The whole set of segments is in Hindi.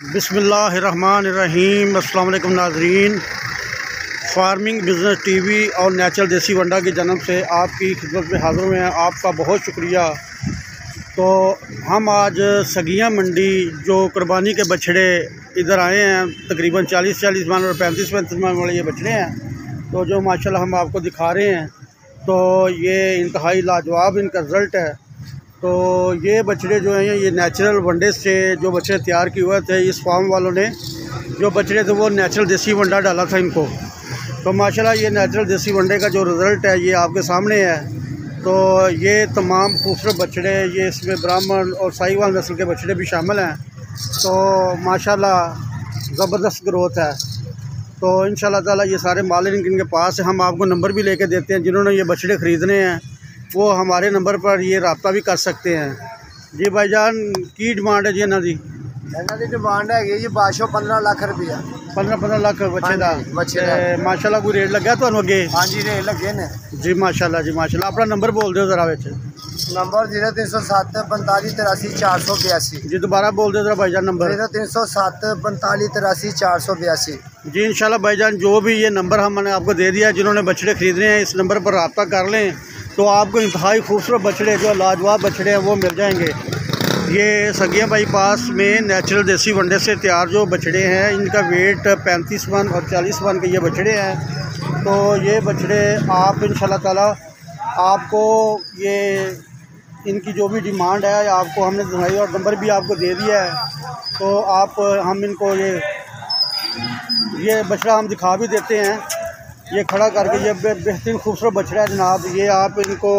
अस्सलाम वालेकुम नाजरीन फार्मिंग बिजनेस टीवी और नेचुरल देसी वंडा के जन्म से आपकी खिदमत में हाज़िर हुए हैं आपका बहुत शुक्रिया तो हम आज सगिया मंडी जो कुर्बानी के बछड़े इधर आए हैं तकरीबन 40 चालीस मान और पैंतीस पैंतीस मान वाले ये बछड़े हैं तो जो माशाल्लाह हम आपको दिखा रहे हैं तो ये इंतहाई लाजवाब इनका रिज़ल्ट है तो ये बछड़े जो हैं ये नेचुरल वंडे से जो बछड़े तैयार किए हुए थे इस फार्म वालों ने जो बछड़े थे वो नेचुरल देसी वंडा डाला था इनको तो माशाल्लाह ये नेचुरल देसी वंडे का जो रिज़ल्ट है ये आपके सामने है तो ये तमाम खूबसूरत बछड़े ये इसमें ब्राह्मण और साहिवाल नस्ल के बछड़े भी शामिल हैं तो माशाल्लाह ज़बरदस्त ग्रोथ है तो इन ताला ये सारे मालिक इनके पास हम आपको नंबर भी लेके देते हैं जिन्होंने ये बछड़े ख़रीदने हैं वो हमारे नंबर पर ये रबता भी कर सकते हैं जी भाई जान की डिमांड है जी इन्हों की डिमांड है जी बारह पंद्रह लख रुपया पंद्रह पंद्रह लख बच्चे का हाँ माशाला कोई रेट लगे थोड़ा अगे हाँ जी रेट लगे ने जी माशाला जी माशा अपना नंबर बोल दो जरा बच्चे नंबर जीरो तीन सौ सत्त पंताली तिरासी चार सौ बयासी जी दोबारा बोल दो भाई जान नंबर जीरो तीन सौ सत्त पंताली तिरासी चार सौ बयासी जी इन शाला भाई जान जो भी ये नंबर हमने आपको दे दिया जिन्होंने बछड़े खरीदने हैं इस नंबर पर रबता कर लें तो आपको इंतहाई खूबसूरत बछड़े जो लाजवाब बछड़े हैं वो मिल जाएंगे ये सगिया बाईपास में नेचुरल देसी वंडे से तैयार जो बछड़े हैं इनका वेट पैंतीस वन और चालीस वन के ये बछड़े हैं तो ये बछड़े आप इन ताला आपको ये इनकी जो भी डिमांड है आपको हमने दुनाई और नंबर भी आपको दे दिया है तो आप हम इनको ये ये बछड़ा हम दिखा भी देते हैं ये खड़ा करके ये बेहतरीन खूबसूरत बछड़ा है जनाब ये आप इनको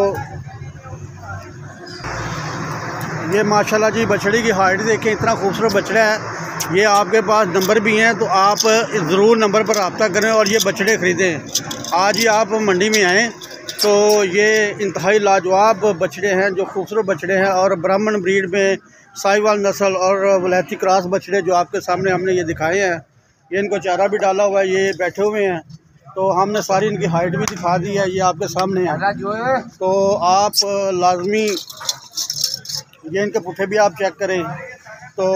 ये माशाल्लाह जी बछड़ी की हाइट देखें इतना खूबसूरत बछड़ा है ये आपके पास नंबर भी हैं तो आप ज़रूर नंबर पर रबता करें और ये बछड़े ख़रीदें आज ही आप मंडी में आएँ तो ये इंतहाई लाजवाब बछड़े हैं जो खूबसूरत बछड़े हैं और ब्राह्मण ब्रीड में साहिवाल नस्ल और वलैती क्रास बछड़े जो आपके सामने हमने ये दिखाए हैं ये इनको चारा भी डाला हुआ है ये बैठे हुए हैं तो हमने सारी इनकी हाइट भी दिखा दी है ये आपके सामने है तो आप लाजमी ये इनके पुठे भी आप चेक करें तो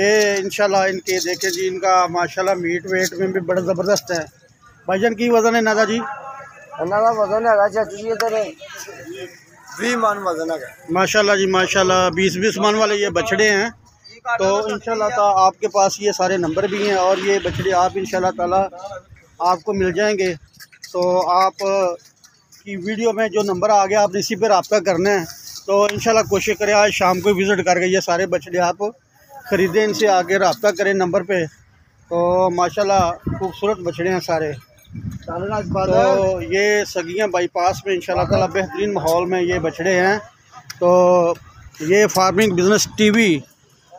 ये इनशाला इनके देखें जी इनका माशाल्लाह मीट वेट में भी बड़ा ज़बरदस्त है भाईजान की वज़न है नादा जी वज़न है माशा माशाल्लाह जी माशाल्लाह बीस बीस मान वाले ये बछड़े हैं तो इन आपके पास ये सारे नंबर भी हैं और ये बछड़े आप इन ताला आपको मिल जाएंगे तो आप की वीडियो में जो नंबर आ गया आप इसी पर रबता करना है तो इन कोशिश करें आज शाम को विज़िट करके ये सारे बछड़े आप ख़रीदें इनसे आगे रबता करें नंबर पर तो माशाल्लाह खूबसूरत बछड़े हैं सारे तो ये सगियाँ बाईपास में इन ताला बेहतरीन माहौल में ये बछड़े हैं तो ये फार्मिंग बिजनेस टीवी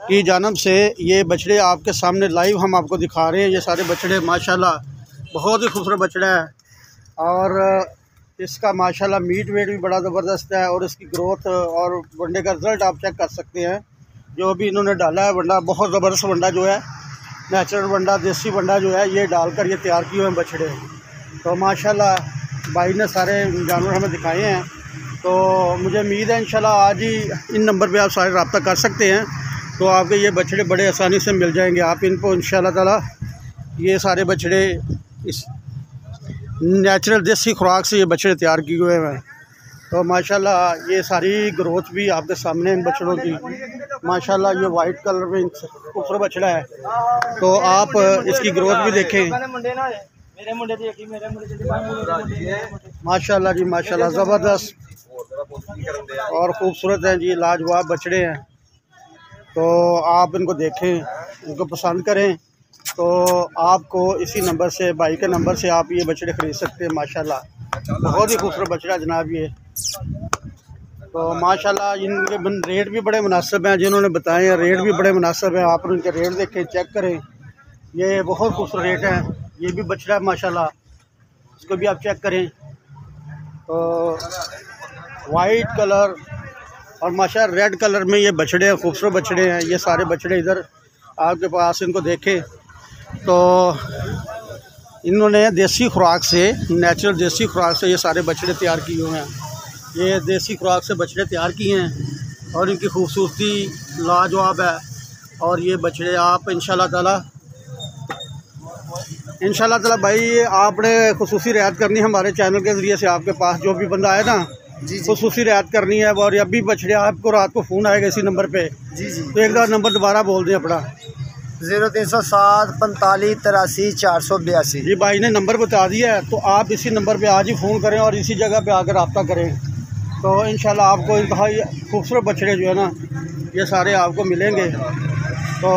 की जानब से ये बछड़े आपके सामने लाइव हम आपको दिखा रहे हैं ये सारे बछड़े माशाल्लाह बहुत ही खूबसूरत बछड़ा है और इसका माशाल्लाह मीट वेट भी बड़ा ज़बरदस्त है और इसकी ग्रोथ और वंडे का रिज़ल्ट आप चेक कर सकते हैं जो भी इन्होंने डाला है वंडा बहुत ज़बरदस्त वंडा जो है नेचुरल वंडा देसी वंडा जो है ये डालकर ये तैयार किए हुए हैं बछड़े तो माशाल्लाह भाई ने सारे जानवर हमें दिखाए हैं तो मुझे उम्मीद है इंशाल्लाह आज ही इन नंबर पर आप सारे रबता कर सकते हैं तो आपके ये बछड़े बड़े आसानी से मिल जाएंगे आप इनको इन ताला ये सारे बछड़े इस नेचुरल देसी खुराक से ये बछड़े तैयार किए हुए हैं तो माशाल्लाह ये सारी ग्रोथ भी आपके सामने इन बछड़ों की माशाल्लाह ये वाइट कलर में खूबसूरत बछड़ा है तो आप इसकी ग्रोथ भी देखें माशाल्लाह जी माशाल्लाह ज़बरदस्त और ख़ूबसूरत हैं जी लाजवाब बछड़े हैं तो आप इनको देखें इनको पसंद करें तो आपको इसी नंबर से भाई के नंबर से आप ये बछड़े ख़रीद सकते हैं माशाल्लाह बहुत ही खूबसूरत बछड़ा जनाब ये तो माशाल्लाह इनके रेट भी बड़े मुनासिब हैं जिन्होंने बताए हैं रेट भी बड़े मुनासिब हैं आप उनके रेट देखें चेक करें ये बहुत खूबसूरत रेट हैं ये भी बछड़ा है माशाल्लाह इसको भी आप चेक करें तो वाइट कलर और माशा रेड कलर में ये बछड़े हैं खूबसूरत बछड़े हैं ये सारे बछड़े इधर आपके पास इनको देखें तो इन्होंने देसी खुराक से नेचुरल देसी खुराक से ये सारे बछड़े तैयार किए हुए हैं ये देसी खुराक से बछड़े तैयार किए हैं और इनकी खूबसूरती लाजवाब है और ये बछड़े आप इन ताला इन ताला भाई आपने खसूसी रियायत करनी है हमारे चैनल के ज़रिए से आपके पास जो भी बंदा आया ना खसूसी रियायत करनी है और अभी बछड़े आपको रात को फ़ोन आएगा इसी नंबर पर जी जी तो एक बार नंबर दोबारा बोल दें अपना जीरो तीन सौ सात पैंतालीस तिरासी चार सौ बयासी ये भाई ने नंबर बता दिया है तो आप इसी नंबर पे आज ही फ़ोन करें और इसी जगह पे आकर रबता करें तो इन आपको इंतहा खूबसूरत बछड़े जो है ना ये सारे आपको मिलेंगे तो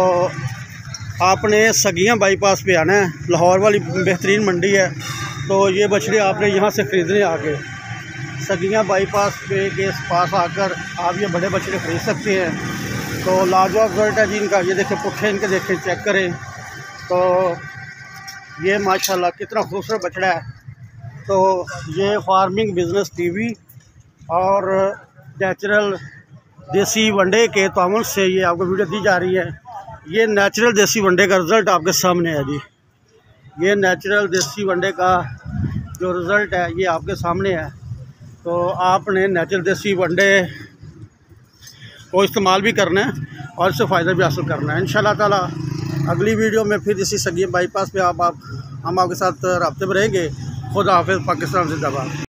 आपने सगियाँ बाईपास पे आना है लाहौर वाली बेहतरीन मंडी है तो ये बछड़े आपने यहाँ से ख़रीदने आके सगियाँ बाईपास पे के पास आकर आप ये बड़े बछड़े ख़रीद सकते हैं तो लाजवाब है जी इनका ये देखें पुट्ठे इनके देखें चेक करें तो ये माशाल्लाह कितना खूबसूरत बछड़ा है तो ये फार्मिंग बिजनेस टीवी और नेचुरल देसी वनडे के तावन से ये आपको वीडियो दी जा रही है ये नेचुरल देसी वनडे का रिज़ल्ट आपके सामने है जी ये नेचुरल देसी वनडे का जो रिज़ल्ट है ये आपके सामने है तो आपने नेचुरल देसी वनडे को इस्तेमाल भी करना है और इससे फ़ायदा भी हासिल करना है इन ताला अगली वीडियो में फिर इसी सगीम बाईपास पे आप आप हम आपके साथ रबते में रहेंगे खुदा हाफ पाकिस्तान जिंदाबाद